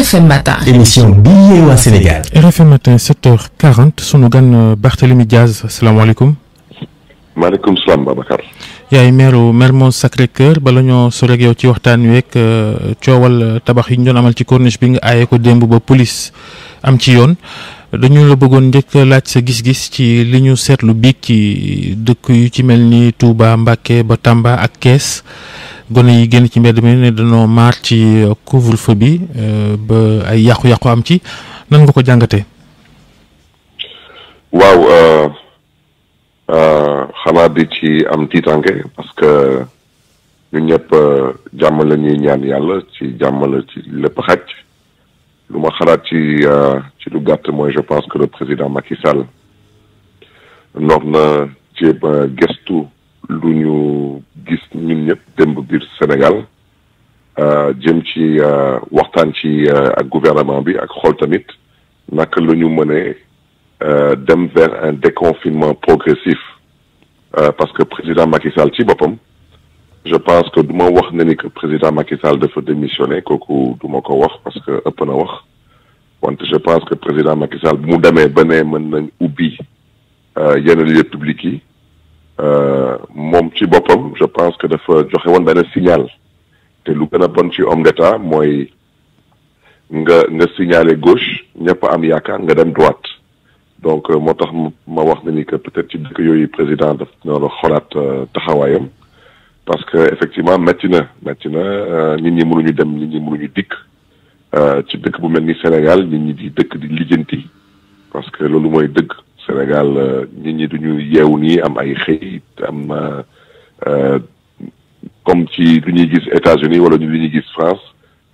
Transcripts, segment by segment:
RFM Matin. émission bii yee waa Sénégal. RFM Matin 7h40 sunu gan euh, Barthélémy Diaz asalaamaaleykum. maaleykum salaam Babacar. yaay meeru Mermoz sacré bala ñoo sori ci waxtaan wi ak euh, coowal euh, tabax yi ñu doon amal ci corniche bi nga aaye ko démb ba police am ci yoon dañu la bëggoon njëkk laaj sa gis-gis ci li ñu seetlu biig ci dëkk yu ci mel ni tuuba Mbacké ba Tamba ak Kees. gone yi génn ci mbedd mi ne dañoo maar ci euh, couvre-feu bi euh, ba ay yàqu-yàqu am ci nan ko jàngatee. waaw euh, xanaa bi ci am tiitange parce que ñun ñëpp jàmm la ñaan yàlla ci jàmm la ci lépp xaj lu ma xalaat ci ci lu gàtt mooy je pense que le président Macky noor na jéem a gestu. lu ñu gis ñun ñëpp dem ba biir Sénégal euh, jëm ci euh, waxtaan ci euh, ak gouvernement bi ak xool tamit naka lu ñu mënee dem vers un déconfinement progressif parce que président Macky Sall ci boppam je pense que du ma wax ne ni que président Macky Sall dafa démissionné kooku du ma ko wax parce que ëpp na wax wante je pense que président Macky Sall bu mu demee ba ne mën na ubbi yenn lieux publics yi Euh, moom ci boppam je pense que dafa joxewoon woon benn signal te lu gën a bon ci homme d'état mooy nga nga signaler gauche ñëpp am yaakaar nga dem droite donc euh, moo tax ma wax na ni que peut ci dëkk yooyu président daf noonu xolaat euh, taxawaayam parce que effectivement métti na métti na nit ñi mënuñu dem nit ñi mënuñu dikk ci dëkk bu mel ni Sénégal nit ñi di dëkk di lijjanti parce que loolu mooy dëgg Sénégal euh, nit ñi duñu yeewu nii am ay xëy am euh, euh, comme ci lu ñuy gis États-Unis wala lu ñuy gis France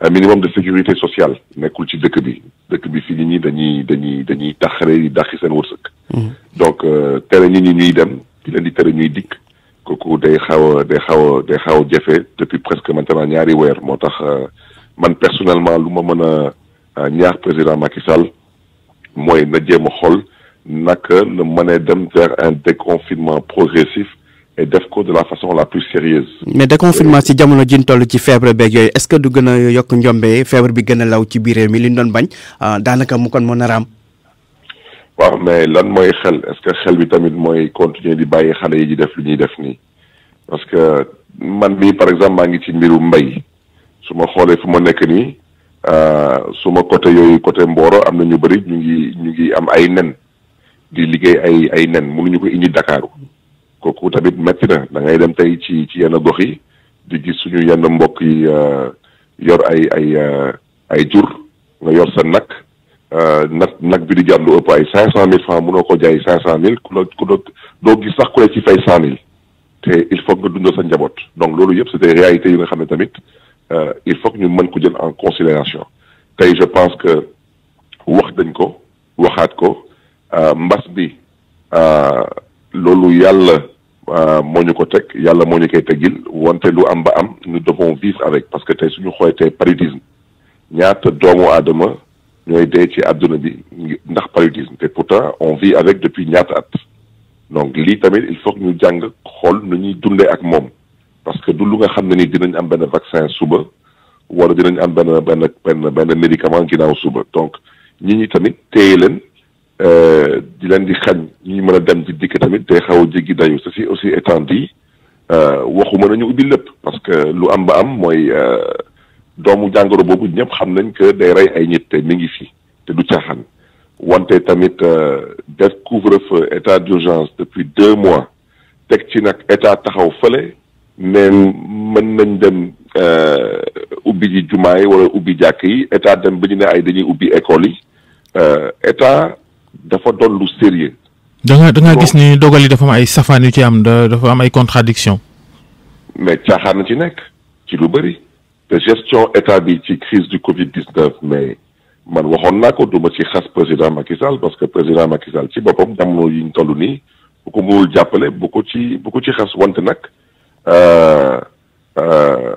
un minimum de sécurité sociale nekkul ci dëkk bi dëkk bi fi nit ñi dañuy dañuy dañuy taxare di seen wërsëg. Mm-hmm. donc tere ñi ñi ñuy dem di leen di tere ñuy dikk kooku day xaw a day xaw a day xaw a jafe depuis presque maintenant ñaari weer moo tax man personnellement lu ma mën a ñaax président Macky Sall mooy na jéem a xool. naka la mën dem vers un déconfinement progressif et def ko de la façon la plus sérieuse mais déconfinement si jamono ji ñu toll ci feebar beeg yooyu est-ce que du gën a yokk njombe feebar bi gën a law ci biir réew mi li ñu doon bañ ah, daanaka mu kon moo nar a am waaw mais lan mooy xel est-ce que xel bi tamit mooy continuer di bàyyi xale yi di def lu ñuy def nii parce que man mii par exemple maa ngi ci mbiru mbay su ma xoolee fu ma nekk nii ah, su ma côté yooyu côté Mboro am na ñu bëri am ay nen di liggéey ay ay nen mënuñu ko indi Dakaaru kooku tamit métti na da ngay dem tey ci ci yenn gox yi di gis suñu yenn mbokk yi euh, yor ay ay euh, ay jur nga yor sa nag euh, nag nag bi di jar lu ëpp ay cinq cent mille francs mënoo ko jaay cinq cent mille ku la ku la doo gis sax ku la ci fay cent mille te il faut nga dundal sa njaboot donc loolu yëpp c'est des réalités yi nga xam ne tamit il faut ñu mën ko jël en considération tey je pense que wax dañ ko waxaat ko Euh, mbas bi euh, loolu yàlla euh, moo ñu ko teg yàlla moo ñu koy tegil wante lu am ba am ñu devons vivre avec parce que tey suñu xoolee tey paludisme ñaata doomu aadama ñooy dee ci àdduna bi ndax paludisme te pourtant on vit avec depuis ñaata at donc lii tamit il faut ñu jàng xool nu ñuy dundee ak moom parce que du lu nga xam ne ni dinañ am benn vaccin suba wala dinañ am benn benn benn benn médicament ginnaaw suba donc ñi ñi tamit téye leen Euh, di leen di xañ ñu mën a dem di dikk tamit day xew a jéggi dayu ceci aussi étant dit euh, waxuma nañu ubbi lépp parce que lu am ba am mooy euh, doomu jàngoro boobu ñëpp xam nañ que day rey ay nit te mi ngi fi te du caaxaan wante tamit def couvre-feu état d'urgence depuis deux mois teg ci nag état taxaw fale mais mën nañ dem ubbi ji jumaa yi wala ubbi jàkk yi état dem ba ñu ne ay dañuy ubbi école yi dafa doon lu sérieux da danga da gis ni dogal yi dafa am ay safaan yu ci am dafa am ay contradiction mais caaxaan na ci nekk ci lu bëri te gestion état bi ci crise du Covid 19 mais man waxoon naa ko duma ci xas président Macky Sall parce que président Macky Sall ci boppam jamono yi ñu toll nii bu ko mënul jàppale bu ko ci bu ko ci xas wante nag euh, euh,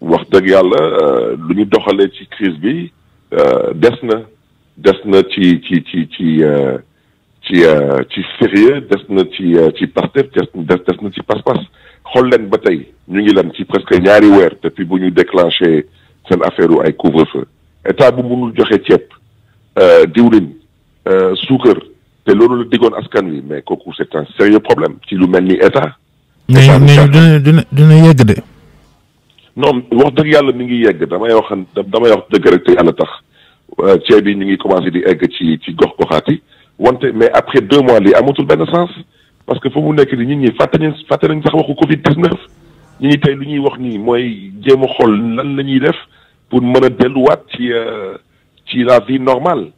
wax dëgg yàlla euh, lu ñu doxalee ci crise bi des na. des na ci ci ci ci euh, ci euh, ci sérieux des na ci euh, ci Pastef des des na ci pas-pas xool leen ba tey ñu ngi lem ci presque ñaari weer depuis bu ñu déclenché seen affaire u ay couvre-feu état bu mënul joxe ceeb diwlin suukar te loolu la diggoon askan wi mais kooku c'est un sérieux problème ci lu mel ni état mais dina dina dina yegg de non wax dëgg yàlla mu ngi yegg damay wax damay wax dëgg rek te yàlla tax Euh, ceeb yi ñu ngi commencé di egg ci ci gox goxaat yi wante mais après deux mois lii amatul benn sens parce que fa mu nekk nii nit ñi fàtte nañ fàtte nañ sax waxu Covid 19 nit ñi tey lu ñuy wax nii mooy jéem a xool lan la ñuy def pour mën a delluwaat ci euh, ci la vie normale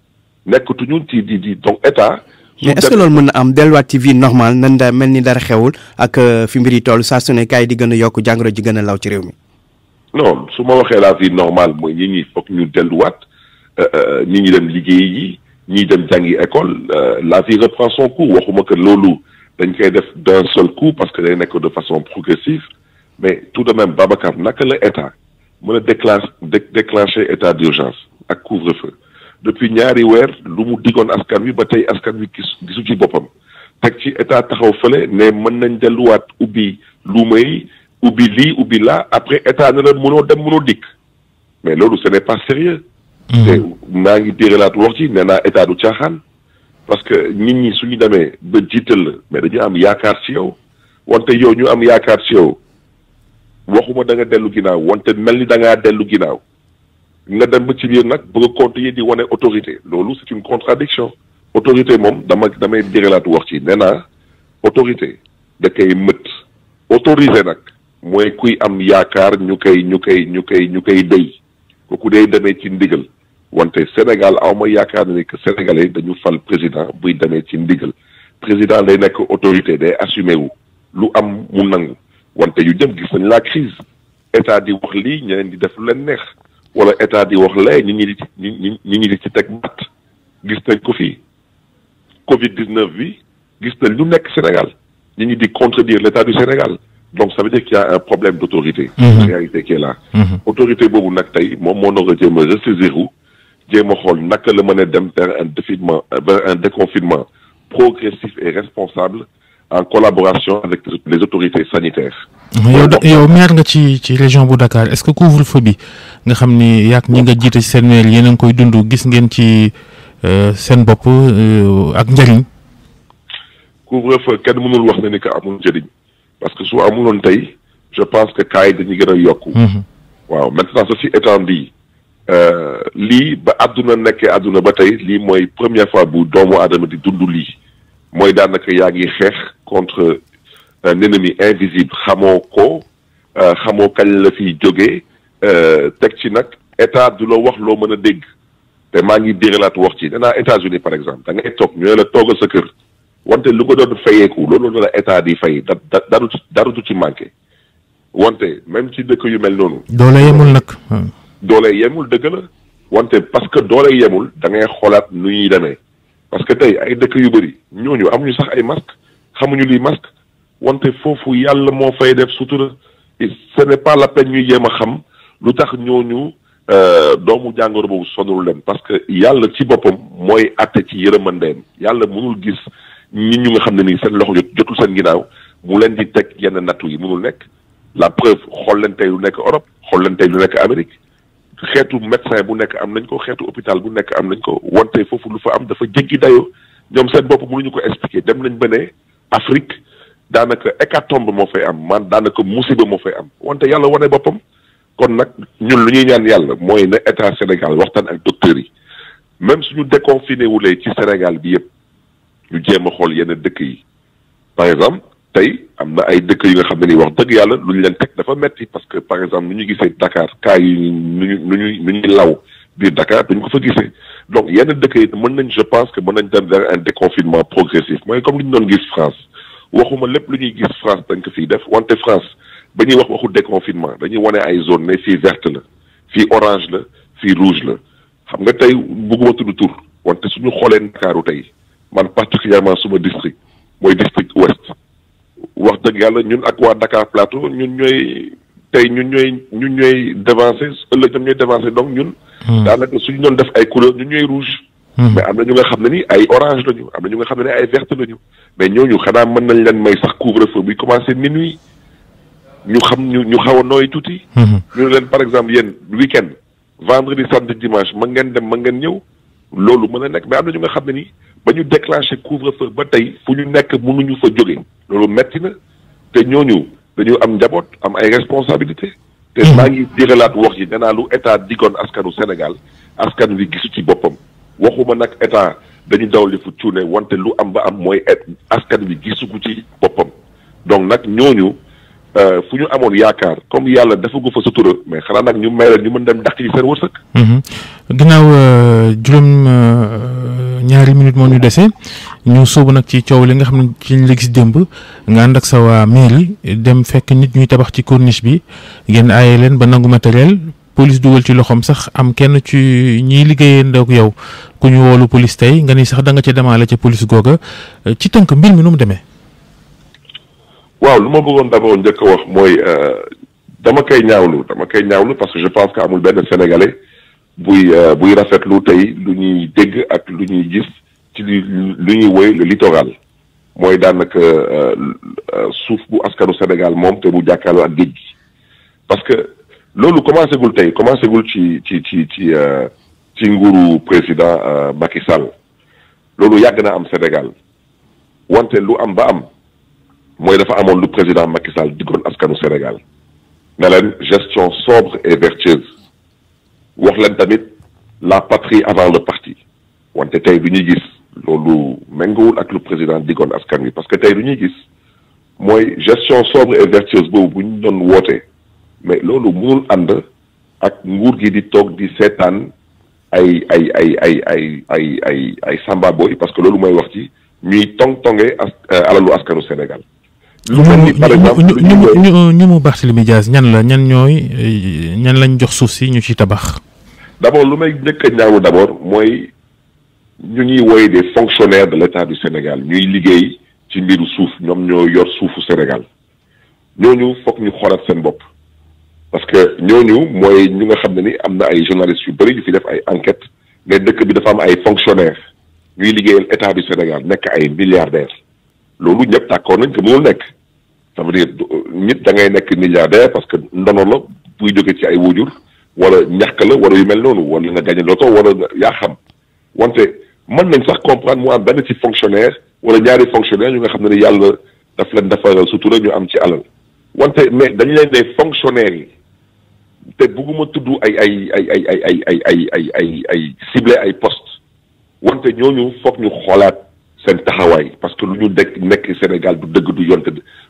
nekkatuñu ci di di donc état. mais est-ce que loolu mën na am delluwaat ci vie normale daa mel ni dara xewul ak euh, fi mbir yi toll saa su ne kaay di gën a yokk jàngoro ji gën a law ci réew mi. non su ma waxee la Euh, ñi ñu dem liggéey yi ñi dem jàngi école euh, la vie reprend son cours waxuma que loolu dañ koy def de seul coup parce que day nekk de façon progressive mais tout de même Babacar naka la état mën a déclencher déclencher état d'urgence ak couvre-feu depuis ñaari weer lu mu diggoon askan wi ba tey askan wi gisu ci boppam teg ci état taxaw fële ne mën nañ delluwaat ubbi lu may ubbi lii ubbi laa après état ne leen mënoo dem mënoo dikk mais loolu ce n'est pas sérieux Mm-hmm. te naa ngi téeralaat wax ci nee naa état du caaxaan parce que nit ñi su ñu demee ba jiital la mais dañu am yaakaar ci yow wante yow ñu am yaakaar ci yow waxuma da nga dellu ginnaaw wante mel ni da ngaa dellu ginnaaw nga dem ba ci biir nag bëgg a continuer di wane autorité loolu c'est une contradiction autorité moom dama damay dérelaat wax ci nee naa autorité da koy mët autorisé nag mooy kuy am yaakaar ñu koy ñu koy ñu koy ñu koy dey kooku dee demee ci ndigal wante Sénégal aw ma yaakaar ne ni que sénégalais yi dañu fal président buy demee ci ndigal président day nekk autorité day assumé wu lu am mu nangu wante yu jëm gis nañ la crise état di wax lii ñeneen di def lu leen neex wala état di wax lee ñi ñi di ñi ñi ñi di ci teg batt gis nañ ko fii Covid 19 bi gis nañ lu nekk Sénégal ñi ñi di contredire l'état du Sénégal donc ça veut dire qu'il y a un problème d'autorité. Mm-hmm. réalité qui est là. Mm-hmm. autorité boobu nag tey moom moo nar a jéem a jéem a xool naka la mën a dem vers un déconfinement progressif et responsable en collaboration avec les autorités sanitaires. yow yow maire nga ci ci région bu Dakar est-ce que couvre-feu bi nga xam ni yaak ñi nga jiite seen maire yéen a koy dund gis ngeen ci euh, seen bopp euh, ak njëriñ. couvre-feu kenn mënul wax ne ni que amul njëriñ parce que su amuloon tey je pense que cas yi dañuy gën a yokk mm-hmm. waaw maintenant ceci étant dit. Euh, lii ba àdduna nekkee àdduna ba tey lii mooy première fois bu doomu aadama di dund lii mooy daanaka yaa ngi xeex contre un ennemi invisible xamoo ko euh, xamoo kañ la fi jóge euh, teg ci nag état du la wax loo mën a dégg te maa ngi déralaat wax ci nee naa États-Unis par exemple da ngay toog ñu ne la toogal sa kër wante lu nga doon fayeeku loolu la état di fay da da daru ci manqué wante même ci dëkk yu mel noonu. doole yemul nag. doole yemul dëgg la wante parce que doole yemul da ngay xoolaat nu ñuy demee parce que tey ay dëkk yu bëri ñooñu amuñu sax ay masque xamuñu liy masque wante foofu yàlla moo fay def sutura ce n'est pas la peine ñuy jéem a xam lu tax ñooñu euh, doomu jàngoro boobu sonul leen parce que yàlla ci boppam mooy àtte ci yërëmandeem yàlla mënul gis nit ñu nga xam ne nii seen loxo jotul seen ginnaaw mu leen di teg yenn nattu yi mënul nekk la preuve xool leen tey nekk Europe xool leen tey nekk Amérique xeetu médecin bu nekk am nañ ko xeetu hôpital bu nekk am nañ ko wantee foofu lu fa am dafa jéggi dayoo ñoom seen bopp mënuñu ko expliquer dem nañ ba Afrique daanaka hécatombe moo fay am man daanaka musiba moo fay am wante yàlla wane boppam kon nag ñun lu ñuy ñaan yàlla mooy na état Sénégal waxtaan ak docteurs yi même suñu déconfiné wulee ci Sénégal bi yëpp ñu jéem a xool yenn dëkk yi par exemple tey am na ay dëkk yu nga xam ne nii wax dëgg yàlla lu ñu leen teg dafa metti parce que par exemple nu ñu gisee Dakar cas yu ñu nu ñuy nu ñuy law biir dakaar dañ ko fa gisee donc yenn dëkk yi mën nañ je pense que mën nañ dem vers un déconfinement progressif mooy comme li ñu doon gis France waxuma lépp lu ñuy gis France dañ ko fiy def wante France ba ñuy wax waxu déconfinement dañuy wane ay zone ne fii verte la fii orange la fii rouge la xam nga tey bëgguma tudd tur wante suñu xoolee Ndakaaru tey man particulièrement suma district wax dëgg yàlla ñun ak waa Dakar Plateau ñun ñooy tey ñun ñooy ñun ñooy dévancé ëllëg tam ñooy dévancé donc ñun. Hmm. daanaka suñu doon def ay couleur ñun ñooy rouge. Hmm. mais am na ñu nga xam ne ni ay orange lañu am na ñu nga xam ne ni ay verte lañu mais ñooñu xanaa mën nañ leen may sax couvre-feu bi commencé minuit ñu xam ñu ñu xaw a nooy tuuti. Hmm. ñu ne leen par exemple yéen week-end vendredi samedi dimanche ma ngeen dem mën ngeen ñëw. loolu mën a nekk mais am na ñu nga xam ne ni ba ñu déclenché couvre-feu ba tey fu ñu nekk mënuñu fa jóge loolu metti na te ñooñu dañu am njaboot am ay responsabilité te hmm. maa ngi jiralaat wax yi nee naa lu état digoon askanu Sénégal askan wi gisu ci boppam waxuma nag état dañu daw li fu cuune wante lu am ba am mooy askan wi gisugu ci boppam donc nag ñooñu Euh, fu ñu amoon yaakaar comme yàlla dafa ko fa sutura mais xanaa nag ñu may leen ñu mën dem dàq ci seen wërsëg. Mhm. ginnaaw euh, juróom euh, ñaari minute moo ñu dese ñu sóobu nag ci coow li nga xam ne ci la gis dëmb nga ànd ak sawa waa mairie dem fekk nit ñuy tabax ci corniche bi ngeen aaye leen ba nangu matériel police duwal ci loxoom sax am kenn ci ñiy liggéeyee ndoog yow ku ñu woolu police tey nga ni sax da nga ca demaale ca police googa ci tënk mbir mi nu mu demee. waaw lu ma bëggoon d'abord njëkk a wax mooy euh, dama koy ñaawlu dama koy ñaawlu parce que je pense que amul benn sénégalais buy euh, buy rafetlu tey lu ñuy dégg ak lu ñuy gis ci lu ñuy woy le littoral mooy daanaka euh, suuf bu askanu Sénégal moom te bu jàkkaarloo ak géej gi parce que loolu commencé gul tey commencé gul ci ci ci ci ci nguuru président Macky Sall loolu yàgg na am Sénégal wante lu am ba am. mooy dafa amoon lu président Macky Sall diggoon askanu Sénégal ne leen gestion sobre et vertueuse wax leen tamit la patrie avant le parti wante tey du ñuy gis loolu méngowul ak lu président diggoon askan wi parce que tey lu ñuy gis mooy gestion sobre et vertueuse boobu bu ñu doon woote mais loolu mënul ànd ak nguur gi di toog di seetaan ay ay ay ay ay ay ay ay samba boy parce que loolu mooy wax ci ñuy tong tonge as euh, alalu askanu Sénégal ñu ñu mu Barthélémy Dias ñan la ñan ñooy ñan lañ jox suuf si ñu ci tabax. d' abord lu may njëkk a ñaawu d' abord mooy ñu ñuy woy des fonctionnaire de l' état du Sénégal ñuy liggéey ci mbiru suuf ñoom ñoo yor suufu Sénégal ñooñu foog ñu xoolaat seen bopp. parce que ñooñu mooy ñu nga xam ne ni am na ay journalistes yu bëri ñu fi def ay enquête ne dëkk bi dafa am ay fonctionnaires ñuy liggéeyal état du Sénégal nekk ay milliardaires loolu ñëpp d' nañ ko mënul nekk. ça veut dire nit da nekk milliardaire parce que ndono la buy jóge ci ay wujur wala ñàkk la wala yu mel noonu wala nga gagné loto wala yaa xam wante mën nañ sax comprendre mu am benn ci fonctionnaire wala ñaari fonctionnaire ñu nga xam ne ni yàlla daf leen defaral sutura ñu am ci alal wante mais dañ leen ne fonctionnaire yi te bëgguma tuddu ay ay ay ay ay ay ay ay ay ay ciblé ay poste wante ñooñu foog ñu xoolaat seen taxawaay parce que lu ñu nekk nekk Sénégal du dëgg du yoon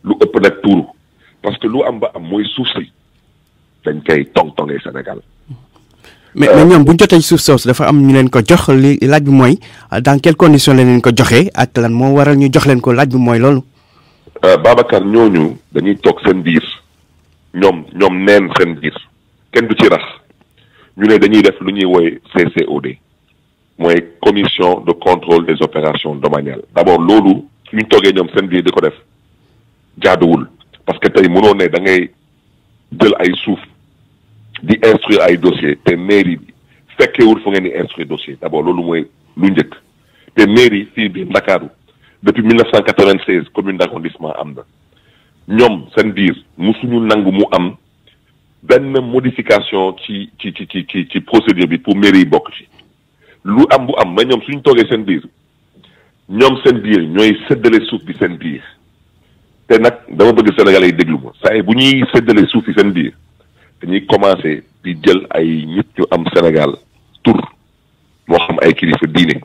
lu ëpp nag tuuru parce que lu am ba am mooy suuf si dañ koy tong tongee Sénégal. mais mais ñoom bu ñu jotee suuf soosu dafa am ñu leen ko jox li laaj bi mooy dans quelles conditions la leen ko joxee ak lan moo waral ñu jox leen ko laaj bi mooy loolu. Euh, Babacar ñooñu dañuy toog seen biir ñoom ñoom neen seen biir kenn du ci rax ñu ne dañuy def lu ñuy woy CCOD. mooy commission de contrôle des opérations domaniales d' abord loolu suñu toogee ñoom seen biir di ko def jaaduwul parce que tey mënoo ne da ngay jël ay suuf di instruire ay dossier te mairie bi fekkewul fu ngeen di instruire dossier d' abord loolu mooy lu njëkk te mairie fii biir Ndakaaru depuis 1996 commune d' arrondissement am na ñoom seen biir musuñu nangu mu am benn modification ci ci ci ci ci procédure bi pour mairie yi bokk ci lu am bu am mais ñoom suñu toogee seen biir ñoom seen biir ñooy séddale suuf bi seen biir te nag dama bëgg Sénégalais yi déglu ma saa bu ñuy séddale suuf bi seen biir dañuy commencé di jël ay nit ñu am Sénégal tur moo xam ay kilifa diine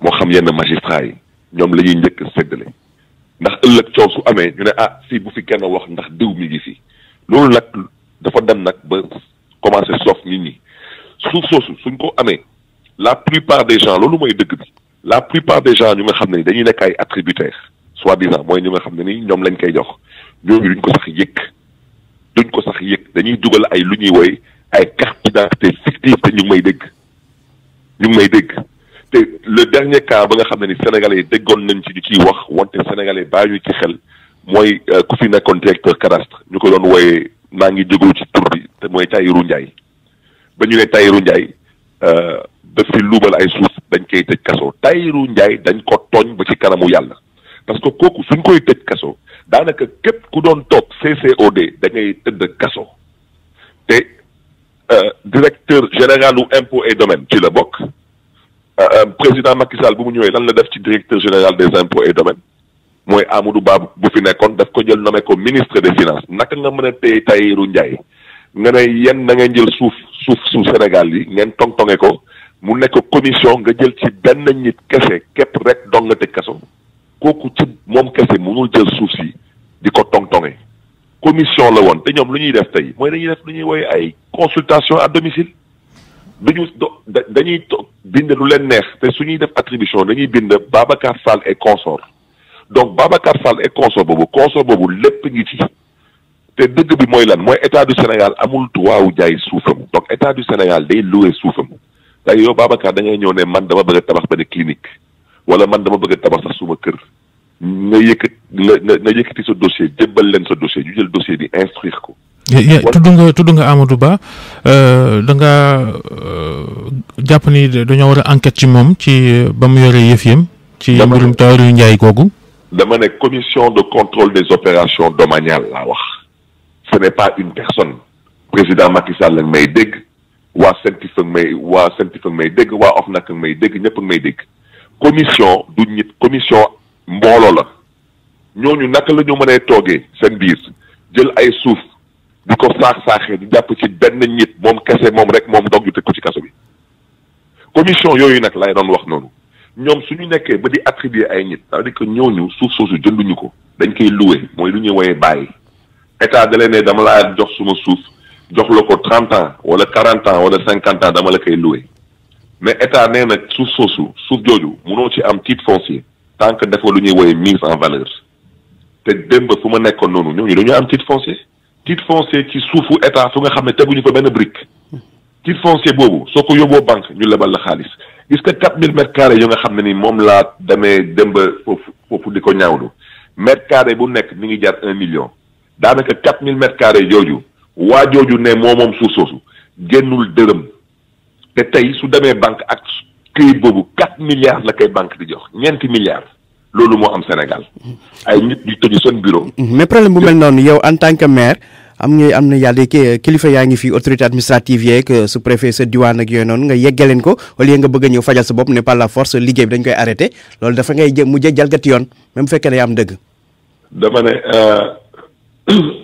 moo xam yenn magistrat yi ñoom la ñuy njëkk séddale ndax ëllëg coow su amee ñu ne ah fii bu fi kenn wax ndax diw mi ngi fi loolu nag dafa dem nag ba commencé soof nit ñi suuf soosu suñ ko amee. la plupart des gens loolu mooy dëgg bi la plupart des ñu nga xam ne ni dañuy nekk ay attributaires soi-disant mooy ñu nga xam ne ni ñoom lañ koy jox ñooñu duñ ko sax yëg duñ ko sax yëg dañuy dugal ay lu ñuy woy ay carte d'identité fictive te ñu ngi may dégg ñu ngi may dégg te le dernier cas ba nga xam ne ni sénégalais yi déggoon nañ ci ñu ciy wax wante sénégalais baa ñu ci xel mooy euh, ku fi nekkoon directeur cadastre ñu ko doon wooyee maa ngi jógoo ci tur bi te mooy Tahirou Ndiaye ba ñu ne Tahirou Ndiaye euh, daf fi luubal ay suuf dañ koy tëj kaso Tahirou Ndiaye dañ ko tooñ ba ci kanamu yàlla parce que kooku suñ koy tëj kaso daanaka képp ku doon toog CCOD da ngay tëdd kaso te euh, directeur général u impôt et domaine ci la bokk euh, euh, président Macky Sall bu mu ñëwee lan la def ci directeur général des impôts et domaines mooy Amadou baa bu fi nekkoon daf ko jël nommé ko ministre de finances naka nga mën a téye Tahirou Ndiaye nga ne yéen na ngeen jël suuf suuf suuf Sénégal yi ngeen tong ko mu nekk commission nga jël ci benn nit kese kepp rek dong nga tëj kaso kooku ci moom kese mënul jël suuf si di ko tong-tonge commission la woon te ñoom lu ñuy def tey mooy dañuy def lu ñuy woowee ay consultation à domicile duñu dañuy bind lu leen neex te su ñuy def attribution dañuy bind Babacar Sall et consort donc Babacar Sall et consort boobu consort boobu lépp ngi ci te dëgg bi mooy lan mooy état du Sénégal amul droit wu jaay suufam donc état du Sénégal day loué suufam léegi yow Babacar da ngay ñëw ne man a tabax benn clinique wala man dama bëgg a tabax sax suma kër nga yëkkat nga nga yëkkati sa dossier jébbal jël dossier bi instruire ko. tudd nga tudd Ba euh, da nga euh, jàpp ni dañoo war a enquête ci moom ci euh, ba mu yore yëf ci mbirum Tahirou Ndiaye googu. dama ne commission de contrôle des opérations domaniales laa wax. ce n'est pas une personne. président Macky lañ may dégg. waa CENTIF ak may waa CENTIF ak may dégg waa OFNAC ak may dégg ñëpp ak may dégg commission du nit commission mbooloo la ñooñu naka la ñu mënee toogee seen biir jël ay suuf di ko saax-saaxee di jàpp ci benn nit moom kese moom rek moom dog ñu teg ko ci kaso bi commission yooyu nag lay doon wax noonu ñoom su ñu nekkee ba di attribuer ay nit c'est-à-dire que ñooñu suuf soosu jënduñu ko dañ koy loué mooy lu ñuy woyee bàyyi état da leen dama laa jox suma suuf jox la ko trente ans wala quarante wala cinquante ans dama la koy loué mais état nee na suuf soosu suuf jooju mënoo ci am titre foncier tant que defoo lu ñuy woowee mise en valeur te démb fu ma nekkoon noonu ñooñu dañoo am titre foncier titre foncier ci suufu état fu nga xam ne teguñu ko benn brique titre foncier boobu soo ko yóbboo banque ñu lebal la xaalis gis nga quatre mille mètres carrés yu nga xam ne ni moom laa demee démb foofu foofu di ko ñaawlu mètre carré bu nekk mi ngi jar un daanaka quatre mille mètres jooju. waa jooju ne moo moom suuf soosu génnul dërëm te tey su demee banque ak këyit boobu quatre milliards la koy banque di jox ñeenti milliards loolu moo am Sénégal ay nit ñu tëju seen bureau. mais problème bu mel noonu yow en tant que maire am nga am na yàlla kilifa yaa ngi fi autorité administrative yeeg euh, su préfet sa diwaan ak yooyu noonu nga leen ko au lieu nga bëgg ñëw fajal sa bopp ne par la force liggéey bi dañ koy arrêté loolu dafa ngay jë mujj jalgati yoon même bu fekkee ne am dëgg. dama euh,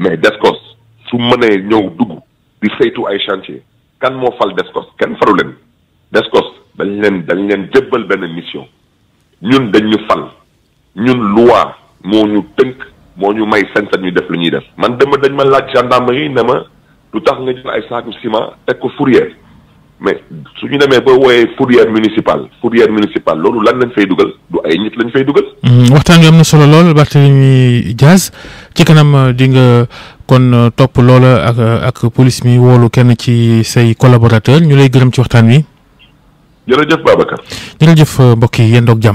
mais Descos su mënee ñëw dugg di saytu ay chantier kan moo fal Descos kenn faru leen Descos dañ leen dañ leen jébbal benn mission ñun dañ ñu fal ñun loi moo ñu tënk moo ñu may sañ ñu def lu ñuy def man dama dañ ma laaj gendarmerie ne ma lu tax nga jël ay saaku ciment teg ko fourier mais su ñu demee ba wooyee fourrière municipale fourrière municipale loolu lan lañ fay dugal du ay nit lañ fay dugal. Mm-hmm. waxtaan wi am na solo lool Barthélémy Dias ci kanam euh, di nga kon euh, topp loola ak euh, ak police mi woolu kenn ci say collaborateur ñu lay gërëm ci waxtaan wi. jërëjëf Babacar. jërëjëf mbokk yi yéen doog jàmm.